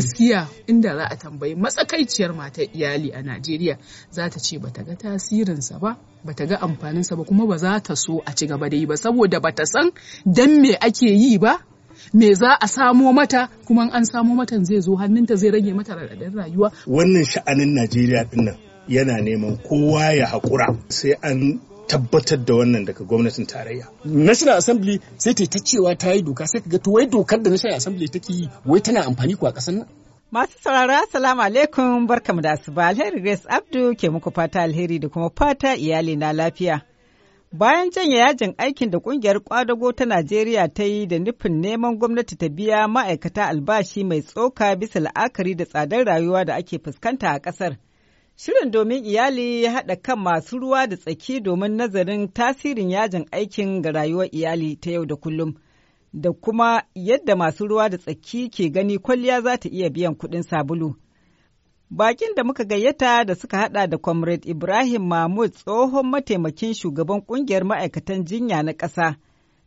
gaskiya inda za a tambayi matsakaiciyar mata iyali a Najeriya za ta ce bata ga tasirinsa ba bata ga amfaninsa ba kuma ba za ta so a ci gaba da yi ba saboda bata san dan me ake yi ba me za a samo mata kuma an samo mata zai zo hannunta zai rage mata raɗaɗin rayuwa wannan sha'anin Najeriya ɗinnan yana neman kowa ya haƙura sai an tabbatar da wannan daga gwamnatin tarayya. National Assembly sai ta ta cewa ta yi doka sai ka ga to wai dokar da National Assembly take yi wai tana amfani ko a ƙasar nan. Masu saurara salamu alaikum barkamu da asuba alheri Grace Abdu ke muku fata alheri da kuma fata iyali na lafiya. Bayan janye yajin aikin da kungiyar kwadago ta Najeriya ta yi da nufin neman gwamnati ta biya ma'aikata albashi mai tsoka bisa la'akari da tsadar rayuwa da ake fuskanta a ƙasar. Shirin domin iyali ya haɗa kan masu ruwa da tsaki domin nazarin tasirin yajin aikin ga rayuwar iyali ta yau da kullum, da kuma yadda masu ruwa da tsaki ke gani kwalliya za ta iya biyan kuɗin sabulu. Bakin da muka gayyata da suka haɗa da Comrade Ibrahim Mahmud tsohon mataimakin shugaban ƙungiyar ma'aikatan jinya na ƙasa,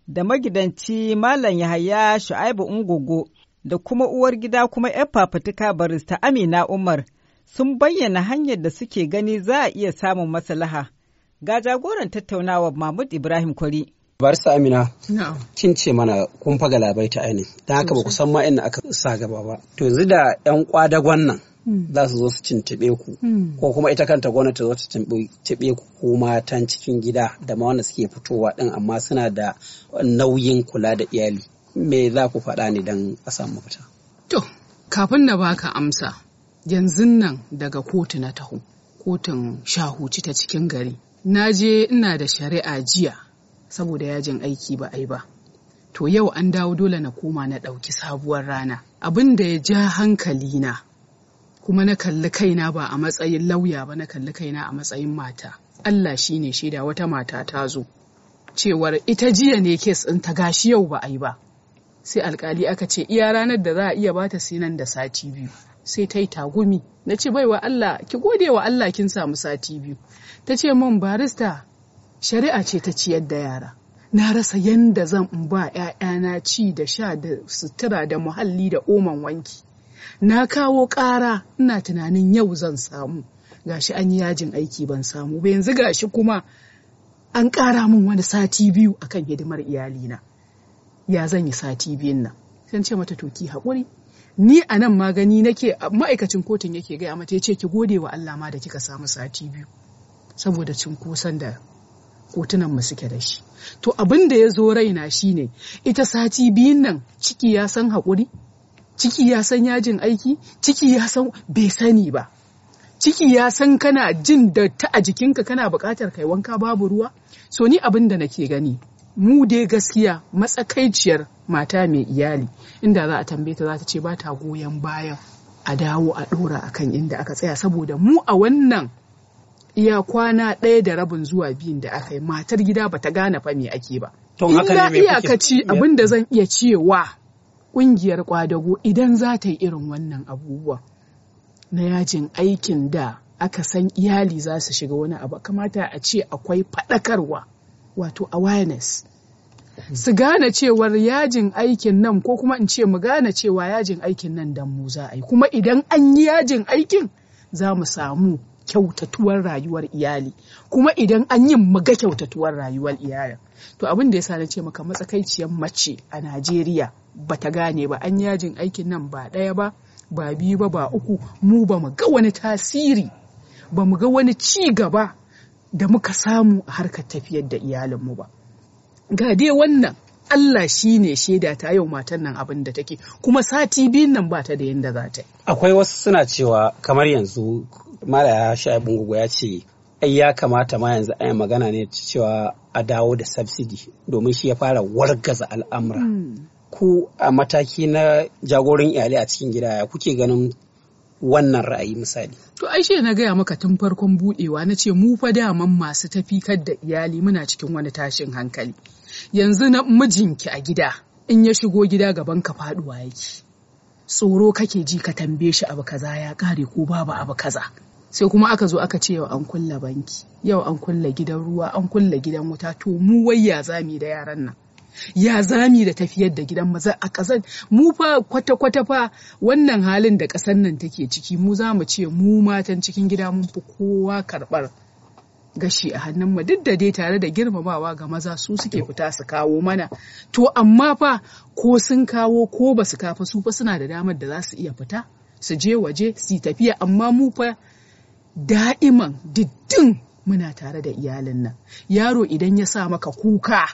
da magidanci Malam Yahaya Shu'aibu Ungogo, da kuma uwar gida kuma 'yar fafutuka barista Amina Umar. sun bayyana hanyar da suke gani za a iya samun maslaha. Ga jagoran tattaunawa Mahmud Ibrahim Kwari. Barista Amina, kin ce mana kun faga labai ta aini, don haka ba ku san ma inda aka sa gaba ba. To yanzu da 'yan kwadagon nan hmm. za su zo su cintibe ku, hmm. ko kuma ita kanta gwamnati zo ta cintibe ku ko matan cikin gida da ma wanda suke fitowa din amma suna da nauyin kula da iyali. Me za ku faɗa ne don a samu mafita? To, kafin na baka amsa, yanzun nan daga kotu na taho kotun shahuci ta cikin gari na je ina da shari'a jiya saboda yajin aiki ba ai ba to yau an dawo dole na koma na ɗauki sabuwar rana abin da ya ja hankali na kuma na kalli kaina ba a matsayin lauya ba na kalli kaina a matsayin mata Allah shi ne shaida wata mata ta zo cewar ita jiya ne kes ɗin ta gashi yau ba ai ba sai alkali aka ce iya ranar da za a iya bata sinan da sati biyu sai ta yi tagumi na ce baiwa Allah ki gode wa Allah kin samu sati biyu ta ce min barista shari'a ce ta ciyar da yara na rasa yanda zan ba 'ya'yana ci da sha da sutura da muhalli da oman wanki na kawo ƙara ina tunanin yau zan samu gashi an yi yajin aiki ban samu ba yanzu gashi kuma an ƙara min wani sati biyu akan hidimar iyalina ya zan yi sati biyun nan sun ce mata toki hakuri. ni a nan ma gani nake ma'aikacin kotun yake gaya mata ya ce ki gode wa Allah ma da kika samu sati biyu saboda cinkoson da kotunan mu suke da shi to abin da ya zo raina shine ita sati biyun nan ciki ya san haƙuri ciki ya san yajin aiki ciki ya san bai sani ba ciki ya san kana jin da ta a jikinka kana buƙatar kai wanka babu ruwa so ni abin da nake gani mu dai gaskiya matsakaiciyar mata mai iyali inda za a tambaye ta za ta ce ba ta goyon bayan a dawo a ɗora kan inda aka tsaya saboda mu a wannan iya kwana ɗaya da rabin zuwa biyun da aka yi matar gida ba ta gane fa me ake ba. Ina iyakaci abin da zan iya cewa ƙungiyar kwadago idan za ta yi irin wannan abubuwa na yajin aikin da aka san iyali za su shiga wani abu kamata a ce akwai faɗakarwa. wato awareness su gane cewar yajin aikin nan ko kuma in ce mu gane cewa yajin aikin nan dan mu za a yi kuma idan an yi yajin aikin za mu samu kyautatuwar rayuwar iyali kuma idan an yi muga kyautatuwar rayuwar iyali. to abin da ya na ce maka matsakaiciyar mace a Najeriya bata gane ba an yajin aikin nan ba ɗaya ba ba biyu ba ba uku mu ba mu ga wani tasiri ba mu ga wani ci gaba da muka samu a harkar tafiyar da iyalinmu ba ga dai wannan Allah shi ne shaida ta yau matan nan abin da take kuma sati biyun nan ba ta da yadda za ta yi. Akwai wasu suna cewa kamar yanzu Malaya Sha'ibin Gugu ya ce ai ya kamata ma yanzu a magana ne cewa a dawo da subsidy domin shi ya fara wargaza al'amura. Hmm. Ku a mataki na jagorin iyali a cikin gida ya kuke ganin wannan ra'ayi misali. To ai shi na gaya maka tun farkon budewa na ce mu fa daman masu tafikar da iyali muna cikin wani tashin hankali. Yanzu na mijinki a gida in ya shigo gida gaban ka faduwa yake. Tsoro kake ji ka tambaye shi abu kaza ya kare ko babu abu kaza. Sai kuma aka zo aka ce yau an kulla banki, yau an kulla gidan ruwa, an kulla gidan wuta to mu wai ya zami da yaran nan. ya zami da tafiyar da gidan maza a ƙasar mu fa kwata-kwata fa wannan halin da ƙasar nan take ciki mu za mu ce mu matan cikin gida mun fi kowa karɓar gashi a hannun mu duk da dai tare da girmamawa ga maza su suke fita su kawo mana to amma fa ko sun kawo ko ba su kafa su fa suna da damar da za su iya fita su je waje su tafiya amma mu fa da'iman diddin muna tare da iyalin nan yaro idan ya sa maka kuka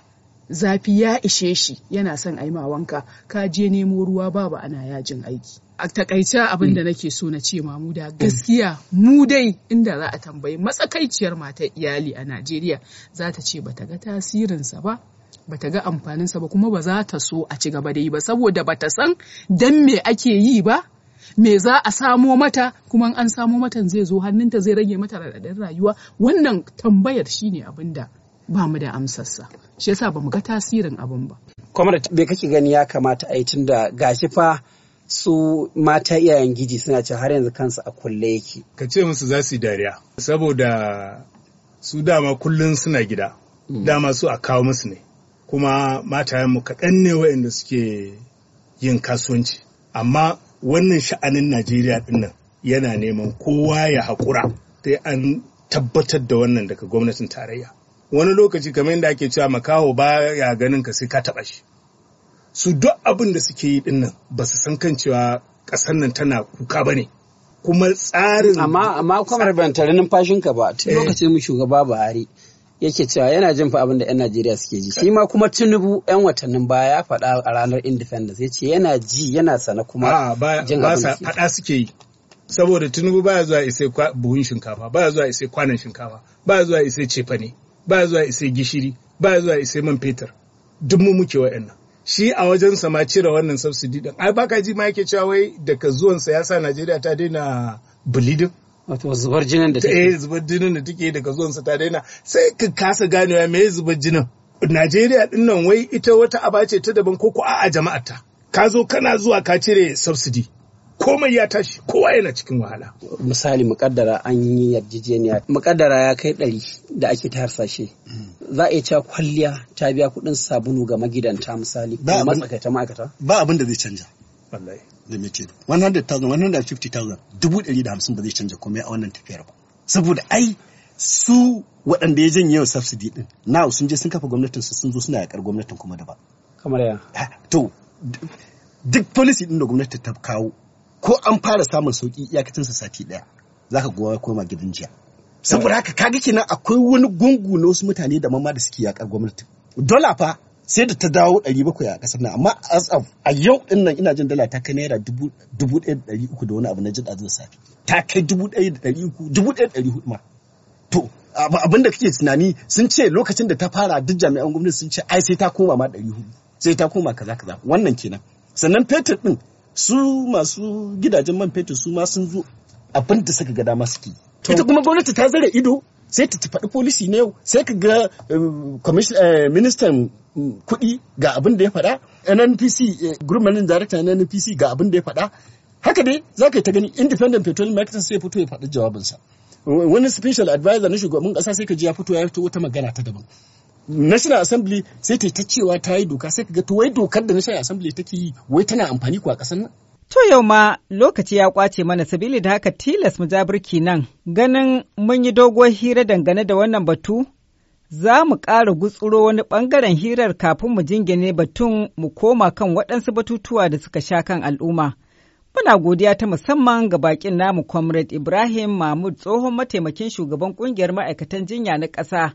zafi ya ishe shi yana son a yi ma wanka ka je nemo ruwa babu ana yajin aiki a takaice abin da mm. nake so na ce da mm. gaskiya mu dai inda za a tambayi matsakaiciyar matar iyali a najeriya za ta ce bata ga tasirinsa ba bata ga amfaninsa ba kuma ba za ta so a ci gaba da yi ba saboda bata san dan me ake yi ba me za a samo mata kuma an samo mata zai zo hannunta zai rage mata raɗaɗin rayuwa wannan tambayar shine abin da ba mu da amsarsa shi yasa ba mu ga tasirin abun ba da bai kake gani ya kamata a yi tun da gashi fa su mata iyayen giji suna ce har yanzu kansu a kulle yake ka ce musu za su yi dariya saboda su dama kullum suna gida mm. dama su a kawo musu ne kuma matayen mu kaɗan ne waɗanda suke yin kasuwanci amma wannan sha'anin najeriya ɗin nan yana neman kowa ya haƙura sai an tabbatar da wannan daga gwamnatin tarayya wani lokaci kamar yadda ake cewa makaho ba ya ganin ka sai ka taɓa shi su duk abin da suke yi dinnan ba su san kan cewa ƙasar nan tana kuka ba ne kuma tsarin amma amma kwamar ban tare ka ba tun eh. lokacin mu shugaba Buhari yake cewa yana jin fa abin da 'yan Najeriya suke ji. Shi ma kuma Tinubu 'yan watannin baya ya faɗa a ranar Independence ya ce yana ji yana sana kuma jin abin da faɗa suke yi. Saboda Tinubu baya zuwa isai buhun shinkafa, baya zuwa isai kwanan shinkafa, baya zuwa isai cefa ne. ba zuwa isai gishiri ba zuwa isai man fetur duk mu muke wa'annan shi a wajen sama cire wannan subsidy din ai baka ji ma yake cewa wai daga zuwan sa yasa Najeriya ta daina bleeding wato zubar jinin da take eh zubar jinin da take daga zuwan sa ta daina sai ka kasa ganewa me zubar jinin Najeriya din nan wai ita wata aba ce ta daban ko ko a jama'ar ta ka zo kana zuwa ka cire subsidy komai ya tashi kowa yana cikin wahala misali mukaddara an yi yarjejeniya mukaddara ya kai ɗari da ake ta harsashe za a iya cewa kwalliya ta biya kuɗin sabulu ga magidanta misali ba matsakaita ma'aikata ba abin da zai canja wallahi da me ce 100,000 150,000 dubu ɗari da hamsin ba zai canja komai a wannan tafiyar ba saboda ai su waɗanda ya janye wa subsidy din na sun je sun kafa gwamnatin su sun zo suna yakar gwamnatin kuma da ba kamar ya to duk policy ɗin da gwamnati ta kawo ko an fara samun sauki iyakacin sa sati daya ka gowa koma gidan jiya saboda haka ga kenan akwai wani gungu na wasu mutane da mamma da suke yakar gwamnati dola fa sai da ta dawo 700 a kasar nan amma a yau din nan ina jin dala ta kai naira 1300 da wani abu na jin azin safi ta kai 1300 1400 ma to abin da kake tunani sun ce lokacin da ta fara duk jami'an gwamnati sun ce ai sai ta koma ma 400 sai ta koma kaza kaza wannan kenan sannan fetur din su masu gidajen man fetur su ma sun zo abin da suka ga dama suke ita kuma gwamnati ta zara ido sai ta faɗi polisi ne yau. sai ka ga eh, eh, ministan kuɗi ga abin da ya faɗa nnpc eh, group managing director na nnpc ga abin da ya faɗa haka dai za ka yi ta gani independent petroleum marketing sai fito ya faɗi jawabinsa wani special advisor na shugaban ƙasa sai ka ji ya fito ya fito wata magana ta daban national assembly sai ta cewa ta yi doka sai ga wai dokar da national assembly take yi wai tana amfani ku a ƙasar nan To yau ma lokaci ya kwace mana sabili da haka tilas mu birki nan ganin mun yi doguwar hira dangane da wannan batu za mu ƙara gutsuro wani ɓangaren hirar kafin mu jingine batun mu koma kan waɗansu batutuwa da suka sha kan al'umma. Muna godiya ta musamman ga bakin namu Comrade Ibrahim Mahmud tsohon mataimakin shugaban ƙungiyar ma'aikatan jinya na ƙasa.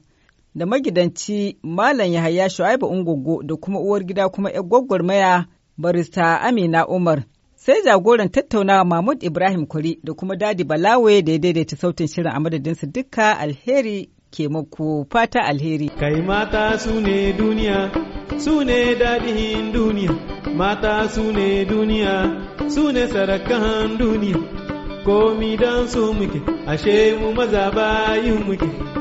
da magidanci Malam Yahaya Shu'aibu Ungogo da kuma uwar gida kuma 'yar gwagwarmaya barista Amina Umar. Sai jagoran tattaunawa Mahmud Ibrahim Kuri da kuma Dadi Balawe da ya daidaita sautin shirin a madadinsu dukka alheri ke muku fata alheri. Kai mata su ne duniya, su ne dadihin duniya, mata su ne duniya, su ne sarakan duniya, komi don su muke, ashe mu maza bayin muke.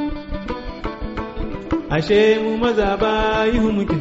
ashe mu maza bayi muke